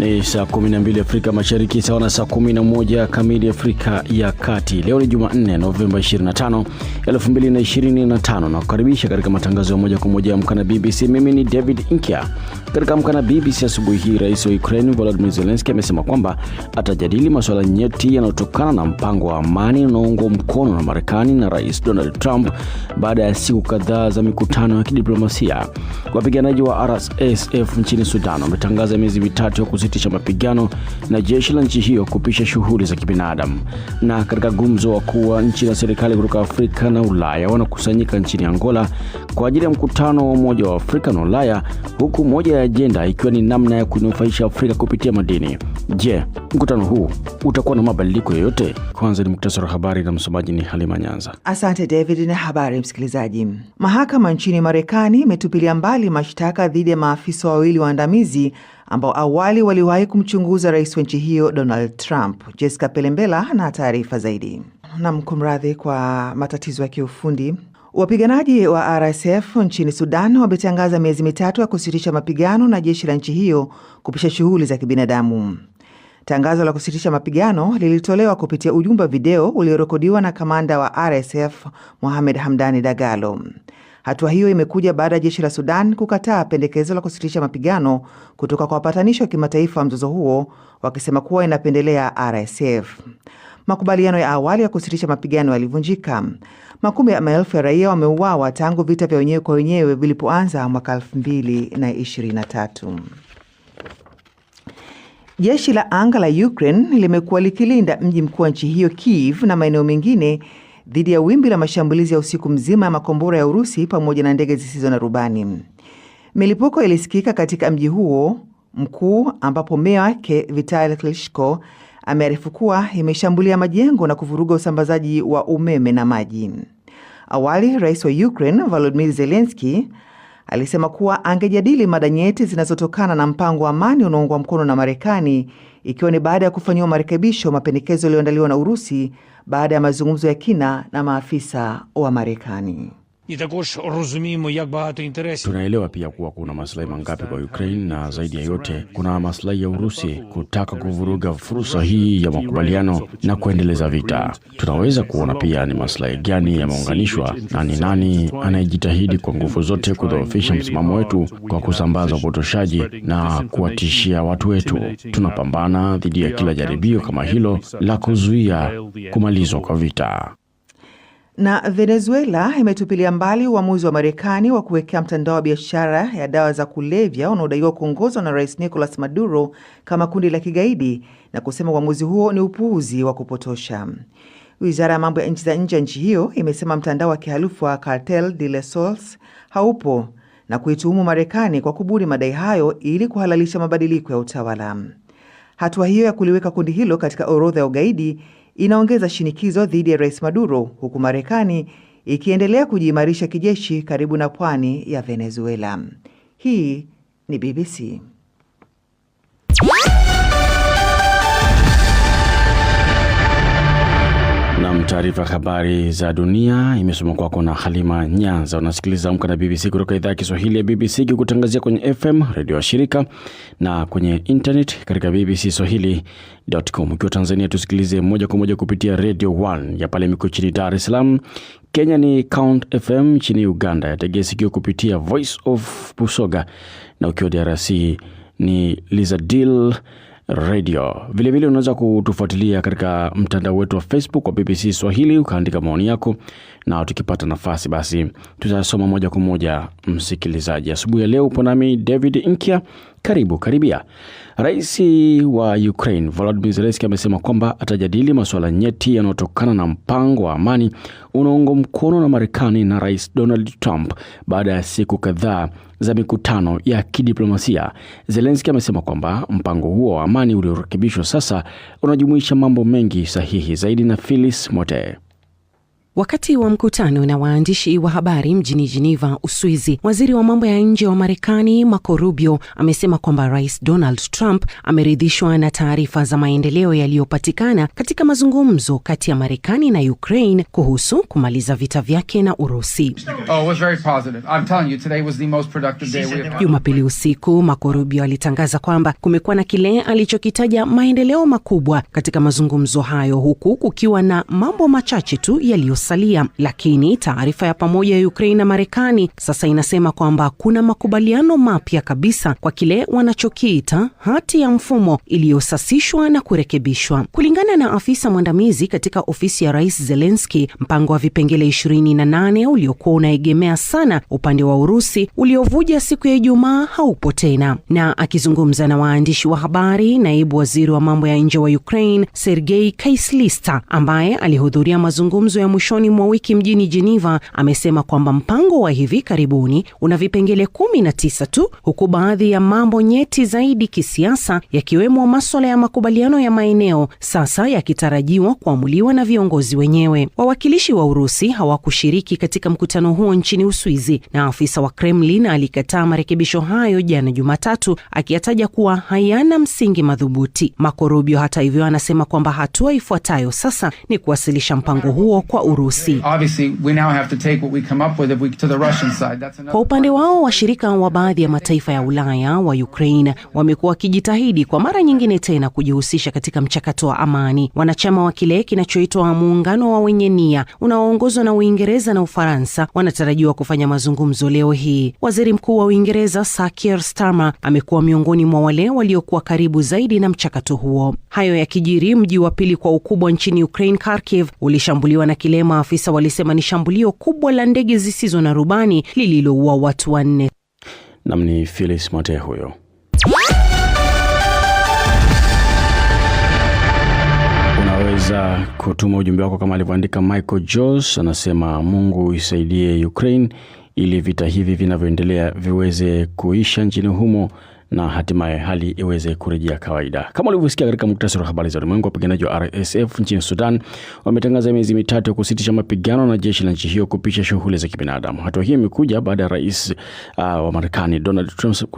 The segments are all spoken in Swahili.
Ni saa 12 Afrika Mashariki, sawa na saa 11 kamili Afrika ya Kati. Leo ni Jumanne, Novemba 25, 2025 na kukaribisha katika matangazo ya moja kwa moja ya mkana BBC. Mimi ni David nkya Katika mkana BBC asubuhi hii, rais wa Ukraine volodimir zelenski amesema kwamba atajadili masuala nyeti yanayotokana na mpango wa amani unaoungwa mkono na Marekani na Rais Donald Trump baada ya siku kadhaa za mikutano ya kidiplomasia. Wapiganaji wa RSF nchini Sudan wametangaza miezi mitatu ya kuzi kusitisha mapigano na jeshi la nchi hiyo kupisha shughuli za kibinadamu. Na katika gumzo, wakuu wa nchi na serikali kutoka Afrika na Ulaya wanakusanyika nchini Angola kwa ajili ya mkutano wa Umoja wa Afrika na Ulaya, huku moja ya ajenda ikiwa ni namna ya kunufaisha Afrika kupitia madini. Je, mkutano huu utakuwa na mabadiliko yoyote? Kwanza ni muktasari wa habari na msomaji ni Halima Nyanza. Asante David na habari msikilizaji. Mahakama nchini Marekani imetupilia mbali mashtaka dhidi ya maafisa wawili waandamizi ambao awali waliwahi kumchunguza rais wa nchi hiyo Donald Trump. Jessica Pelembela na taarifa zaidi. Nam, kumradhi kwa matatizo ya kiufundi. Wapiganaji wa RSF nchini Sudan wametangaza miezi mitatu ya kusitisha mapigano na jeshi la nchi hiyo kupisha shughuli za kibinadamu. Tangazo la kusitisha mapigano lilitolewa kupitia ujumbe wa video uliorekodiwa na kamanda wa RSF Mohamed Hamdani Dagalo. Hatua hiyo imekuja baada ya jeshi la Sudan kukataa pendekezo la kusitisha mapigano kutoka kwa wapatanishi wa kimataifa wa mzozo huo, wakisema kuwa inapendelea RSF. Makubaliano ya awali ya kusitisha mapigano yalivunjika. Makumi ya maelfu ya raia wameuawa tangu vita vya wenyewe kwa wenyewe vilipoanza mwaka 2023. Jeshi la anga la Ukraine limekuwa likilinda mji mkuu wa nchi hiyo Kiev na maeneo mengine dhidi ya wimbi la mashambulizi ya usiku mzima ya makombora ya Urusi pamoja na ndege zisizo na rubani. Milipuko ilisikika katika mji huo mkuu ambapo meya wake Vitali Klitschko amearifu kuwa imeshambulia majengo na kuvuruga usambazaji wa umeme na maji. Awali, rais wa Ukraine Volodimir zelenski alisema kuwa angejadili mada nyeti zinazotokana na mpango wa amani unaoungwa mkono na Marekani, ikiwa ni baada ya kufanyiwa marekebisho mapendekezo yaliyoandaliwa na Urusi baada ya mazungumzo ya kina na maafisa wa Marekani. Ni takож розуміємо, як багато інтересів. Tunaelewa pia kuwa kuna maslahi mangapi kwa Ukraine, na zaidi ya yote kuna maslahi ya Urusi kutaka kuvuruga fursa hii ya makubaliano na kuendeleza vita. Tunaweza kuona pia ni maslahi gani yameunganishwa na ni nani anayejitahidi kwa nguvu zote kudhoofisha msimamo wetu kwa kusambaza upotoshaji na kuwatishia watu wetu. Tunapambana dhidi ya kila jaribio kama hilo la kuzuia kumalizwa kwa vita. Na Venezuela imetupilia mbali uamuzi wa Marekani wa kuwekea mtandao wa biashara ya dawa za kulevya unaodaiwa kuongozwa na Rais Nicolas Maduro kama kundi la kigaidi na kusema uamuzi huo ni upuuzi wa kupotosha. Wizara ya mambo ya nchi za nje ya nchi hiyo imesema mtandao wa kihalifu wa Cartel de los haupo na kuituhumu Marekani kwa kubuni madai hayo ili kuhalalisha mabadiliko ya utawala. Hatua hiyo ya kuliweka kundi hilo katika orodha ya ugaidi inaongeza shinikizo dhidi ya Rais Maduro huku Marekani ikiendelea kujiimarisha kijeshi karibu na pwani ya Venezuela. Hii ni BBC. Taarifa ya habari za dunia imesoma kwako na Halima Nyanza. Unasikiliza Amka na BBC kutoka idhaa ya Kiswahili ya BBC kikutangazia kwenye FM redio ya shirika na kwenye internet katika BBC Swahili.com. Ukiwa Tanzania tusikilize moja kwa moja kupitia Radio 1 ya pale miko nchini Dar es Salaam. Kenya ni Count FM, nchini Uganda yategea sikio kupitia Voice of Busoga, na ukiwa DRC ni Lizadil Radio. Vilevile unaweza kutufuatilia katika mtandao wetu wa Facebook wa BBC Swahili, ukaandika maoni yako, na tukipata nafasi basi tutasoma moja kwa moja, msikilizaji. Asubuhi ya leo upo nami David nkia karibu karibia. Rais wa Ukraine Volodymyr Zelensky amesema kwamba atajadili masuala nyeti yanayotokana na mpango wa amani unaungwa mkono na Marekani na Rais Donald Trump baada ya siku kadhaa za mikutano ya kidiplomasia. Zelensky amesema kwamba mpango huo wa amani uliorekebishwa sasa unajumuisha mambo mengi sahihi zaidi. Na Phyllis Mote Wakati wa mkutano na waandishi wa habari mjini Geneva, Uswizi, waziri wa mambo ya nje wa Marekani Marco Rubio amesema kwamba Rais Donald Trump ameridhishwa na taarifa za maendeleo yaliyopatikana katika mazungumzo kati ya Marekani na Ukraine kuhusu kumaliza vita vyake na Urusi. Oh, Jumapili usiku Marco Rubio alitangaza kwamba kumekuwa na kile alichokitaja maendeleo makubwa katika mazungumzo hayo, huku kukiwa na mambo machache tu yaliyo yaliyosalia, lakini taarifa ya pamoja ya Ukraine na Marekani sasa inasema kwamba kuna makubaliano mapya kabisa kwa kile wanachokiita hati ya mfumo iliyosasishwa na kurekebishwa. Kulingana na afisa mwandamizi katika ofisi ya Rais zelenski mpango wa vipengele 28 uliokuwa unaegemea sana upande wa Urusi uliovuja siku ya Ijumaa haupo tena. Na akizungumza na waandishi wa habari, naibu waziri wa mambo ya nje wa Ukraine Sergei Kaislista ambaye alihudhuria mazungumzo ya mwisho mwishoni mwa wiki mjini jeneva amesema kwamba mpango wa hivi karibuni una vipengele kumi na tisa tu huku baadhi ya mambo nyeti zaidi kisiasa yakiwemo maswala ya makubaliano ya maeneo sasa yakitarajiwa kuamuliwa na viongozi wenyewe. Wawakilishi wa Urusi hawakushiriki katika mkutano huo nchini Uswizi na afisa wa Kremlin alikataa marekebisho hayo jana Jumatatu, akiyataja kuwa hayana msingi madhubuti. makorubio hata hivyo anasema kwamba hatua ifuatayo sasa ni kuwasilisha mpango huo kwa Urusi. Urusi. Kwa upande wao, washirika wa baadhi ya mataifa ya Ulaya wa Ukraine wamekuwa wakijitahidi kwa mara nyingine tena kujihusisha katika mchakato wa amani. Wanachama wa kile kinachoitwa muungano wa wenye nia unaoongozwa na Uingereza na Ufaransa wanatarajiwa kufanya mazungumzo leo hii. Waziri Mkuu wa Uingereza Sir Keir Starmer amekuwa miongoni mwa wale waliokuwa karibu zaidi na mchakato huo. Hayo yakijiri, mji wa pili kwa ukubwa nchini Ukraine, Kharkiv, ulishambuliwa na kilema maafisa walisema ni shambulio kubwa la ndege zisizo na rubani lililoua watu wanne. Nam ni filis mate huyo. Unaweza kutuma ujumbe wako kama alivyoandika Michael Jos, anasema Mungu isaidie Ukraine ili vita hivi vinavyoendelea viweze kuisha nchini humo na hatimaye hali iweze kurejea kawaida. Kama ulivyosikia katika muktasari wa habari za ulimwengu, wapiganaji wa RSF nchini Sudan wametangaza miezi mitatu ya kusitisha mapigano na jeshi la nchi hiyo kupisha shughuli za kibinadamu. Hatua hiyo imekuja baada ya rais uh, wa Marekani Donald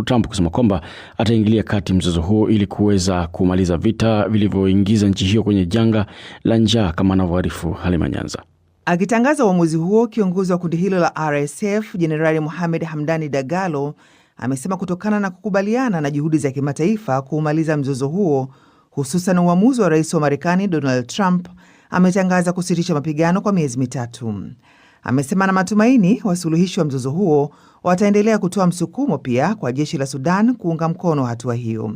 Trump kusema kwamba ataingilia kati mzozo huo ili kuweza kumaliza vita vilivyoingiza nchi hiyo kwenye janga la njaa, kama anavyoarifu Halima Nyanza. Akitangaza uamuzi huo, kiongozi wa kundi hilo la RSF Jenerali Muhamed Hamdani Dagalo amesema kutokana na kukubaliana na juhudi za kimataifa kuumaliza mzozo huo, hususan uamuzi wa rais wa Marekani Donald Trump, ametangaza kusitisha mapigano kwa miezi mitatu. Amesema na matumaini wasuluhishi wa mzozo huo wataendelea kutoa msukumo pia kwa jeshi la Sudan kuunga mkono hatua hiyo.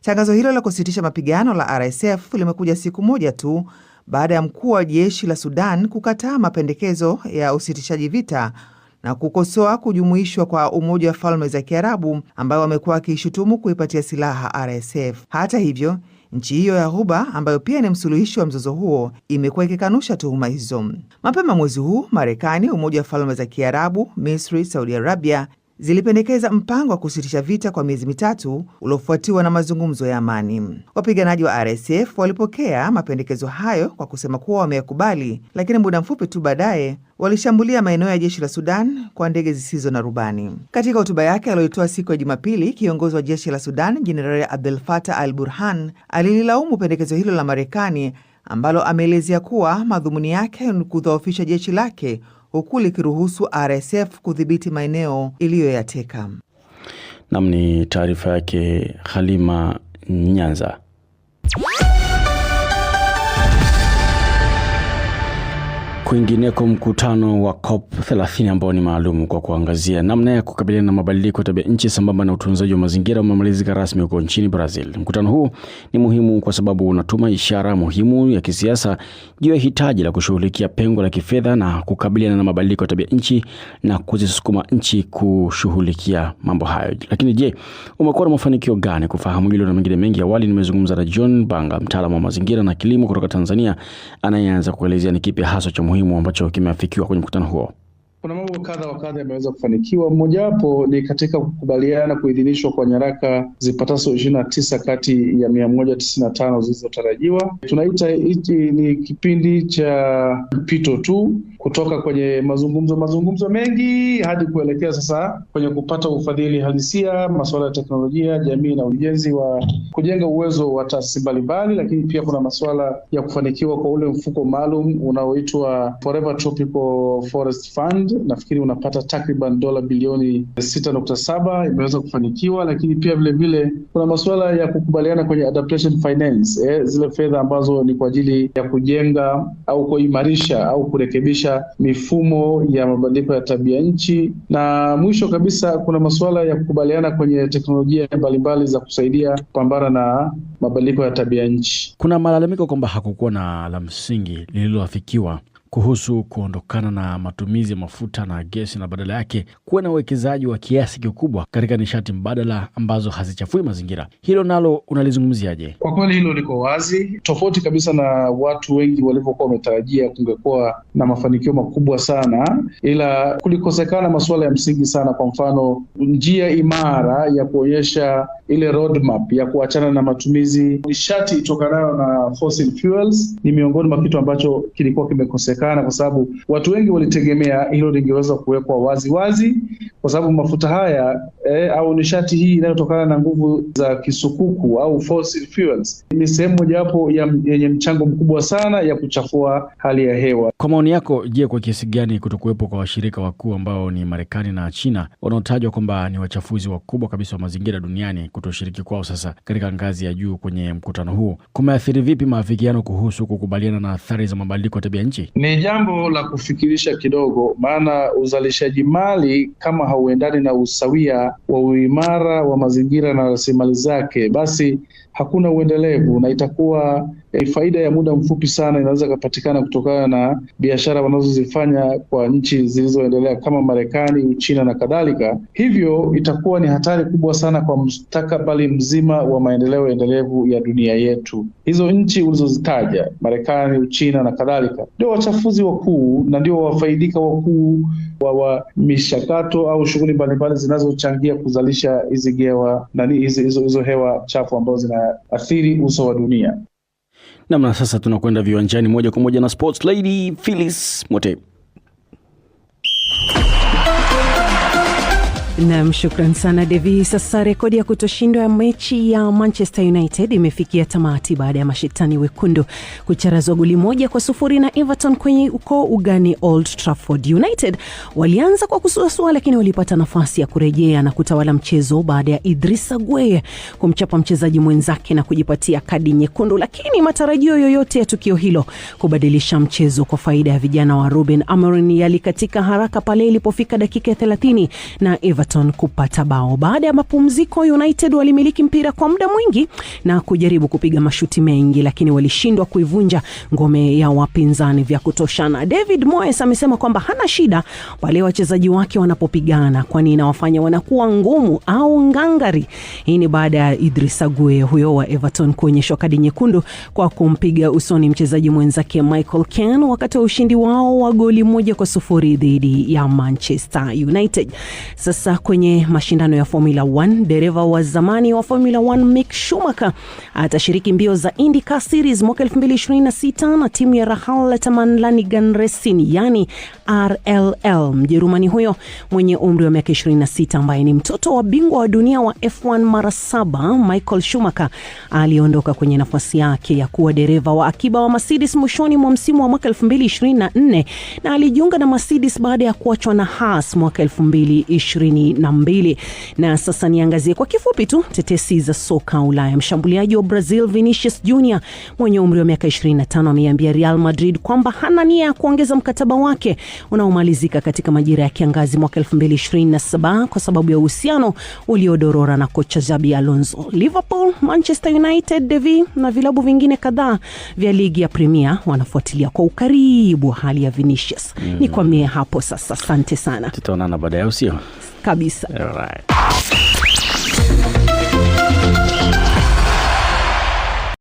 Tangazo hilo la kusitisha mapigano la RSF limekuja siku moja tu baada ya mkuu wa jeshi la Sudan kukataa mapendekezo ya usitishaji vita na kukosoa kujumuishwa kwa Umoja wa Falme za Kiarabu ambayo wamekuwa wakiishutumu kuipatia silaha RSF. Hata hivyo, nchi hiyo ya Ghuba ambayo pia ni msuluhishi wa mzozo huo imekuwa ikikanusha tuhuma hizo. Mapema mwezi huu, Marekani, Umoja wa Falme za Kiarabu, Misri, Saudi Arabia, zilipendekeza mpango wa kusitisha vita kwa miezi mitatu uliofuatiwa na mazungumzo ya amani. Wapiganaji wa RSF walipokea mapendekezo hayo kwa kusema kuwa wameyakubali, lakini muda mfupi tu baadaye walishambulia maeneo ya jeshi la Sudan kwa ndege zisizo na rubani. Katika hotuba yake aliyoitoa siku ya Jumapili, kiongozi wa jeshi la Sudan Jenerali Abdel Fattah Al Burhan alililaumu pendekezo hilo la Marekani ambalo ameelezea kuwa madhumuni yake ni kudhoofisha jeshi lake huku likiruhusu RSF kudhibiti maeneo iliyoyateka. Nam ni taarifa yake Halima Nyanza. Kwingineko, mkutano wa COP 30 ambao ni maalum kwa kuangazia namna ya kukabiliana na mabadiliko ya tabia nchi sambamba na utunzaji wa mazingira umemalizika rasmi huko nchini Brazil. Mkutano huu ni muhimu kwa sababu unatuma ishara muhimu ya kisiasa juu ya hitaji la kushughulikia pengo la kifedha na kukabiliana na mabadiliko ya tabia nchi na kuzisukuma nchi kushughulikia mambo hayo. Lakini je, umekuwa na mafanikio gani? Kufahamu hilo na mengine mengi, awali nimezungumza na John Banga, mtaalamu wa mazingira na kilimo kutoka Tanzania, anayeanza kuelezea ni kipi hasa cha muhimu muhimu ambacho kimeafikiwa kwenye mkutano huo kuna mambo kadha wa kadha yameweza kufanikiwa. Mmojawapo ni katika kukubaliana kuidhinishwa kwa nyaraka zipatazo ishirini na tisa kati ya mia moja tisini na tano zilizotarajiwa. Tunaita hichi ni kipindi cha mpito tu kutoka kwenye mazungumzo mazungumzo mengi hadi kuelekea sasa kwenye kupata ufadhili halisia, masuala ya teknolojia, jamii na ujenzi wa kujenga uwezo wa taasisi mbalimbali, lakini pia kuna masuala ya kufanikiwa kwa ule mfuko maalum unaoitwa Forever Tropical Forest Fund nafikiri unapata takriban dola bilioni sita nukta saba imeweza kufanikiwa, lakini pia vilevile vile, kuna masuala ya kukubaliana kwenye adaptation finance eh, zile fedha ambazo ni kwa ajili ya kujenga au kuimarisha au kurekebisha mifumo ya mabadiliko ya tabia nchi, na mwisho kabisa kuna masuala ya kukubaliana kwenye teknolojia mbalimbali za kusaidia kupambana na mabadiliko ya tabia nchi. Kuna malalamiko kwamba hakukuwa na la msingi lililoafikiwa kuhusu kuondokana na matumizi ya mafuta na gesi na badala yake kuwe na uwekezaji wa kiasi kikubwa katika nishati mbadala ambazo hazichafui mazingira. Hilo nalo unalizungumziaje? Kwa kweli hilo liko wazi, tofauti kabisa na watu wengi walivyokuwa wametarajia, kungekuwa na mafanikio makubwa sana, ila kulikosekana masuala ya msingi sana. Kwa mfano, njia imara ya kuonyesha ile roadmap ya kuachana na matumizi nishati itokanayo na fossil fuels ni miongoni mwa kitu ambacho kilikuwa kimekosekana inawezekana kwa sababu watu wengi walitegemea hilo lingeweza kuwekwa wazi wazi, kwa sababu mafuta haya e, au nishati hii inayotokana na nguvu za kisukuku au fossil fuels ni sehemu mojawapo yenye mchango mkubwa sana ya kuchafua hali ya hewa. Kwa maoni yako, je, kwa kiasi gani kutokuwepo kwa washirika wakuu ambao ni Marekani na China wanaotajwa kwamba ni wachafuzi wakubwa kabisa wa mazingira duniani kutoshiriki kwao sasa katika ngazi ya juu kwenye mkutano huu kumeathiri vipi maafikiano kuhusu kukubaliana na athari za mabadiliko ya tabia nchi? Ni jambo la kufikirisha kidogo, maana uzalishaji mali kama hauendani na usawia wa uimara wa mazingira na rasilimali zake, basi hakuna uendelevu na itakuwa e, faida ya muda mfupi sana inaweza ikapatikana kutokana na biashara wanazozifanya kwa nchi zilizoendelea kama Marekani, Uchina na kadhalika. Hivyo itakuwa ni hatari kubwa sana kwa mustakabali mzima wa maendeleo endelevu ya dunia yetu. Hizo nchi ulizozitaja, Marekani, Uchina na kadhalika, ndio wachafuzi wakuu na ndio wafaidika wakuu wa, wa mishakato au shughuli mbalimbali zinazochangia kuzalisha hizi gewa nani hizo hewa chafu ambazo zinaathiri uso wa dunia. Namna sasa tunakwenda viwanjani moja kwa moja na sports lady Phyllis mote Nam, shukran sana Devi. Sasa rekodi ya kutoshindwa ya mechi ya Manchester United imefikia tamati baada ya mashetani wekundu kucharazwa goli moja kwa sufuri na Everton kwenye uko ugani Old Trafford. United walianza kwa kusuasua, lakini walipata nafasi ya kurejea na kutawala mchezo baada ya idrisa Gueye kumchapa mchezaji mwenzake na kujipatia kadi nyekundu, lakini matarajio yoyote ya tukio hilo kubadilisha mchezo kwa faida ya vijana wa Ruben Amorim yalikatika haraka pale ilipofika dakika ya 30 na Everton Everton kupata bao. Baada ya mapumziko, United walimiliki mpira kwa muda mwingi na kujaribu kupiga mashuti mengi, lakini walishindwa kuivunja ngome ya wapinzani vya kutoshana. David Moyes amesema kwamba hana shida wale wachezaji wake wanapopigana, kwani inawafanya wanakuwa ngumu au ngangari. Hii ni baada ya Idris Ague huyo wa Everton kuonyeshwa kadi nyekundu kwa kumpiga usoni mchezaji mwenzake Michael Ken wakati wa ushindi wao wa goli moja kwa sufuri dhidi ya Manchester United. Sasa kwenye mashindano ya Formula 1, dereva wa zamani wa Formula 1 Mick Schumacher atashiriki mbio za IndyCar Series mwaka 2026 na timu ya Rahal Tamanlanigan Racing yani RLL. Mjerumani huyo mwenye umri wa miaka 26 ambaye ni mtoto wa bingwa wa dunia wa F1 mara saba Michael Schumacher aliondoka kwenye nafasi yake ya kuwa dereva wa akiba wa Mercedes mwishoni mwa msimu wa mwaka 2024 na alijiunga na Mercedes baada ya kuachwa na Haas mwaka 2022. Na sasa niangazie kwa kifupi tu tetesi za soka Ulaya. Mshambuliaji wa Brazil Vinicius Junior mwenye umri wa miaka 25 ameambia Real Madrid kwamba hana nia ya kuongeza mkataba wake unaomalizika katika majira ya kiangazi mwaka 2027 kwa sababu ya uhusiano uliodorora na kocha Xabi Alonso. Liverpool, Manchester United, DV na vilabu vingine kadhaa vya ligi ya Premier wanafuatilia kwa ukaribu hali ya Vinicius. Mm. mie hapo sasa, asante sana, tutaonana baadaye, usio kabisa. All right.